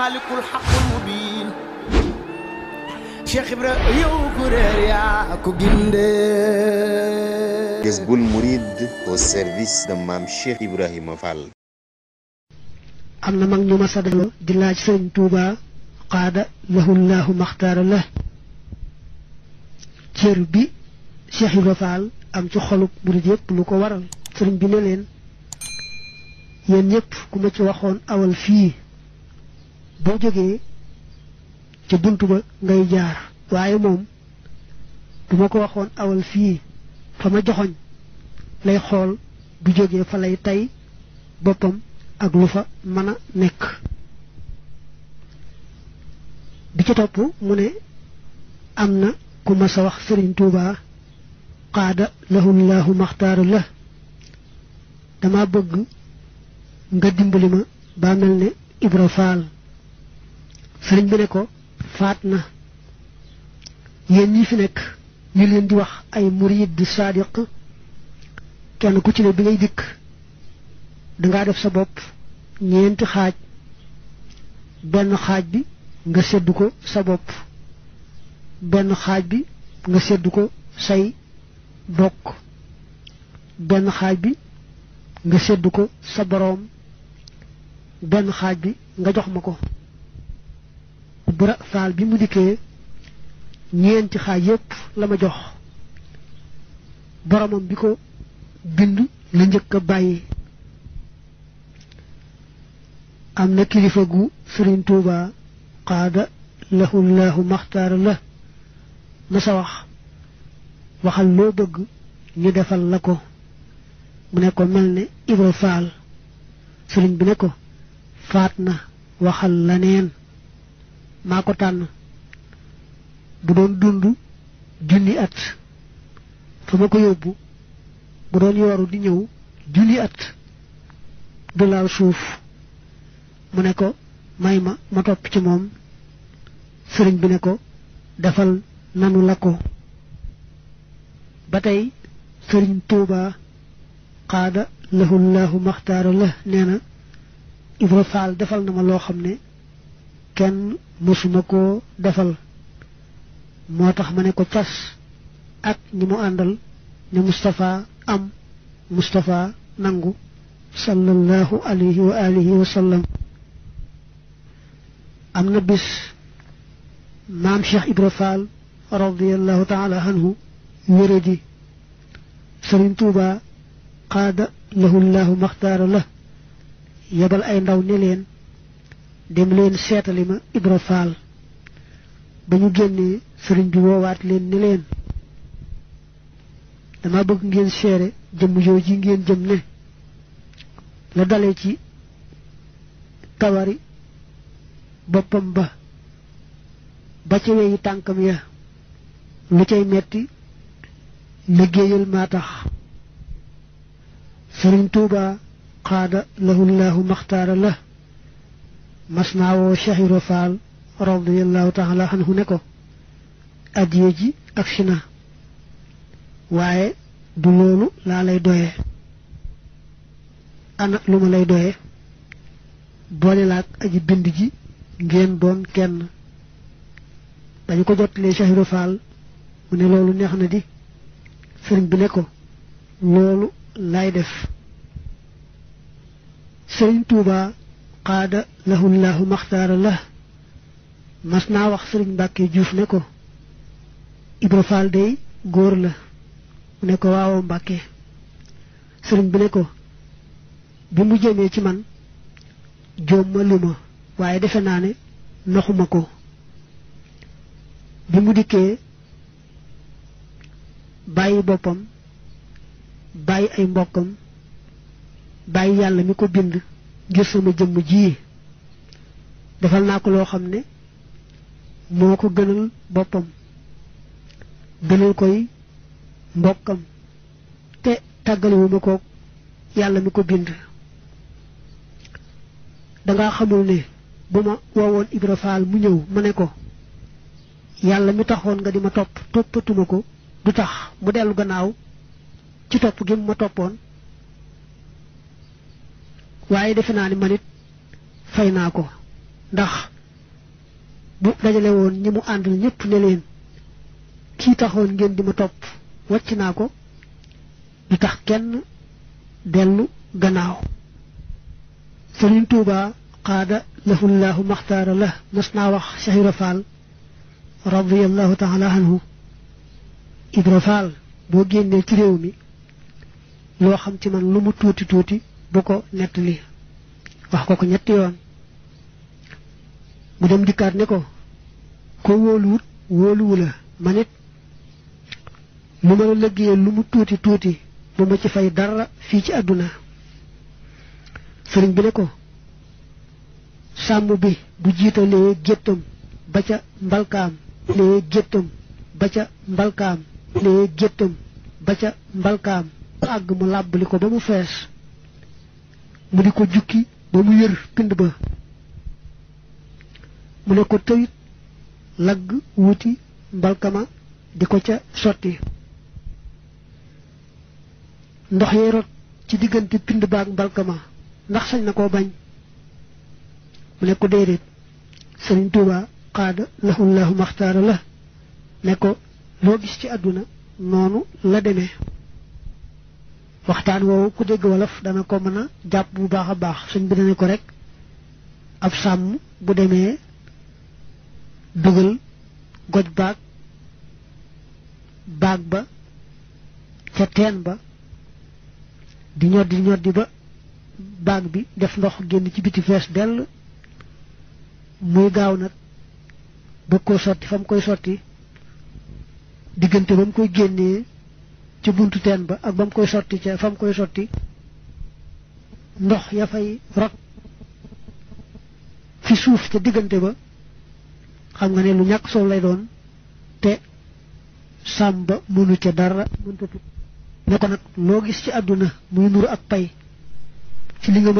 malikul haqqul am na mag ñu ma sa dal di laaj sëriñ Tuuba qaada lahu llahu maxtaara la cër bi Cheikh Ibra am ci xolub murid yëpp lu ko waral sëriñ bi ne leen yéen ku ma ci waxoon awal fii bo joge ci buntu ba ngay jaar waaye moom duma ko waxoon awal fii fa ma joxoñ lay xool du joge fa lay tay boppam ak lu fa mën a nekk bi ci topp mu ne am ku ma sa wax sëriñ tuuba qaada lahullahu maxtaaru lah dama bëgg nga dimbali ma baa mel ne ibra sëriñ bi ne ko faat na yéen ñi fi nekk ñu leen di wax ay murid sadiq kenn ku ci ne bi ngay dikk dangaa def sa bopp ñeenti xaaj benn xaaj bi nga séddu ko sa bopp benn xaaj bi nga séddu ko say bokk benn xaaj bi nga séddu ko sa boroom benn xaaj bi nga jox ma ko bura faal bi mu dikkee ñeenti xaaj yépp la ma jox boromam bi ko bind la njëkk a bàyyi am na kilifa gu sëriñ tuuba qaada lahu llahu maxtaara la ma sa wax waxal loo bëgg ñu defal la ko mu ne ko mel ne ibra faal sëriñ bi ne ko faat na waxal la neen maa ko tànn bu doon dund junni at fa ma ko yóbbu bu doon yooru di ñëw junni at du laal suuf mu ne ko may ma ma topp ci moom sëriñ bi ne ko defal nanu la ko ba tey sëriñ tuuba xaada lahullahu maxtaara la nee na Ibra Faal defal na ma loo xam ne kenn mësuma koo defal moo tax ma ne ko cas ak ñi mu àndal ne Moustapha am Moustapha nangu sallallahu alayhi wa alihi wa sallam am na bis maam Cheikh Ibra Fall radiallahu taala anhu wére ji Sëriñ Tuuba qaada lahu llahu maxtaara la yebal ay ndaw ne leen dem leen seetali ma Ibra Faal ba ñu génnee sëriñ bi woowaat leen ni leen dama bëgg ngeen seere jëmm jooju ngeen jëm ne la dalee ci tawari boppam ba ba ca weyi tànkam ya lu cay metti liggéeyal maa tax sëriñ Tuuba xaada lahullahu maxtaara la mas naa woo Cheikh Ibra Fall radiyallahu taala anhu ne ko addiye ji agsi na waaye du loolu laa lay doyee ana lu ma lay doyee boole laag aji bind ji ngeen doon kenn dañu ko jottalee Cheikh Ibra mu ne loolu neex na di sëriñ bi ne ko loolu laay def sëriñ Tuubaa qaada lahullahu maxtaara la mas naa wax sëriñ Mbàkke Juuf ne ko Ibra day góor la mu ne ko waaw Mbàkke sëriñ bi ne ko bi mu jëmee ci man jóom waaye defe naa ne noxuma ko bi mu dikkee bàyyi boppam bàyyi ay mbokkam bàyyi yàlla mi ko bind ngir sama ji defal na ko lo xamne moko gënal bopam gënal koy mbokam te wu ko yalla mi ko bind nga xamul ne buma wowon ibrafal mu ñew mané ko yalla mi taxoon nga dima top topatu mako du tax mu delu gannaaw ci top gi mu topone waye def na ni manit fayna ko ndax bu dajale won ñi mu andul ñepp ne leen ki taxoon ngeen di ma topp wàcc ko bi tax kenn delu gannaaw serigne touba qada lahu allah maxtaara lah mas naa wax shahira faal radiallahu taala anhu ibrafal bo ci rew mi lo xam ci man lu mu tuti tuti bu ko wah wax ko ko ñetti yoon mu dem dikkaat ne ko ko wóoluwut wóoluwu la manit lu ma la lëggee lu mu tuuti tuuti mu ma ci fay dara fii ci àdduna sëriñ bi ne ko sàmm bi bu jiitalee géttam ba ca mbalkaam lee géttam ba ca mbalkaam lee géttam ba ca mbalkaam àgg mu làbbali ko ba mu fees mu di ko jukki ba mu yër pind ba mu ne ko tëyit lagg wuti mbalkama di ko ca sotti ndox yee rot ci diggante pind baag mbalkama ndax sañ na koo bañ mu ne ko déedéet sëriñ Tuuba xaada lahullahu maxtaara la ne ko loo gis ci àdduna noonu la demee waxtaan woowu ku dégg wolof dana ko mën a jàpp bu baax a baax sëñ bi dana ko rek ab sàmm bu demee dugal goj baag baag ba ca teen ba di ñoddi di ñoddi ba baag bi def ndox génn ci biti fees dell muy gaaw nag bëgg koo sotti fa mu koy sotti diggante ba mu koy génnee ci buntu ten ba ak bam koy sorti ci fam koy sorti ndox ya fay rot fi suuf ca diggante ba xam nga ne lu ñak so lay doon te samba munu ci dara tu ne ko nak lo gis ci aduna muy nuru ak pay ci li nga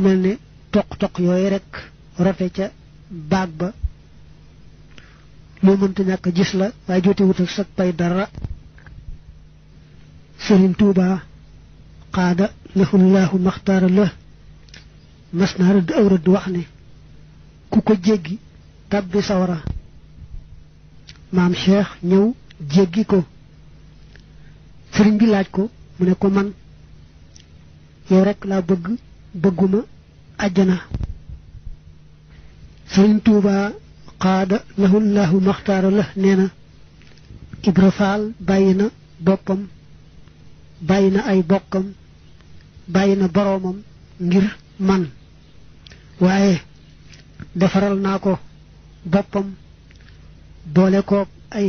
ne tok rek rote ca baag ba loo mënta ñàkk gis la waaye jote wut ak sag pay dara sëriñ tuuba xaada lahullahu maxtaara la mas naa rëdd aw rëdd wax ne ku ko jéggi tàbbi sawara maam cheikh ñëw jéggi ko sëriñ bi laaj ko mu ne ko man yow rekk laa bëgg bëgguma àjjana sëriñ tuuba qaada lahu llahu maxtaara la nee na Ibra bàyyi na boppam bàyyi na ay bokkam bàyyi na boroomam ngir man waaye defaral naa ko boppam boole koog ay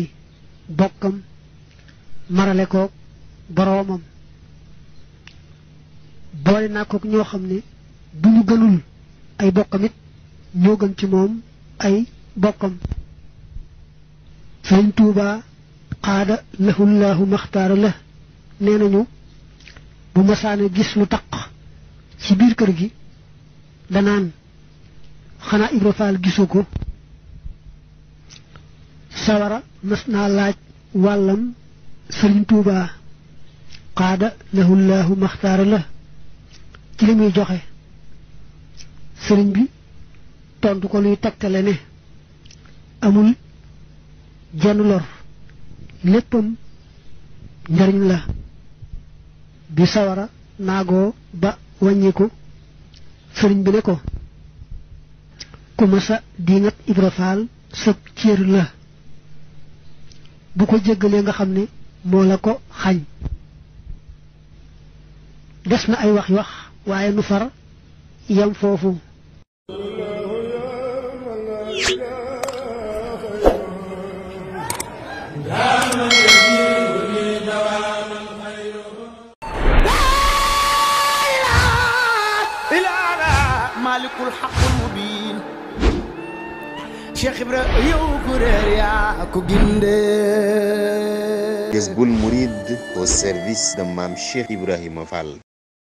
bokkam marale koog boroomam boole naa koog ñoo xam ne bu ñu gënul ay bokkam ñoo gën ci moom ay بكم فإن توبا قاد له الله مختار له نينانيو بمسانة جس لتق سبير كرغي دنان خنا إبرفال جسوكو سوارا مسنا لاج والم سرين توبا قاد له الله مختار له كلمي جوخي سرين بي تونتو كولي تكتلنه amul jenn lor léppam njariñ la bi sawara naagoo ba wàññiku sëriñ bi ne ko ku masa diingat Ibra Faal sëb la bu ko jéggalee nga xam ne moo la ko xañ des na ay wax wax waaye nu far yam foofu ذلك الحق المبين شيخ برأيو كرير ياكو جندي المريد هو دمام شيخ إبراهيم فال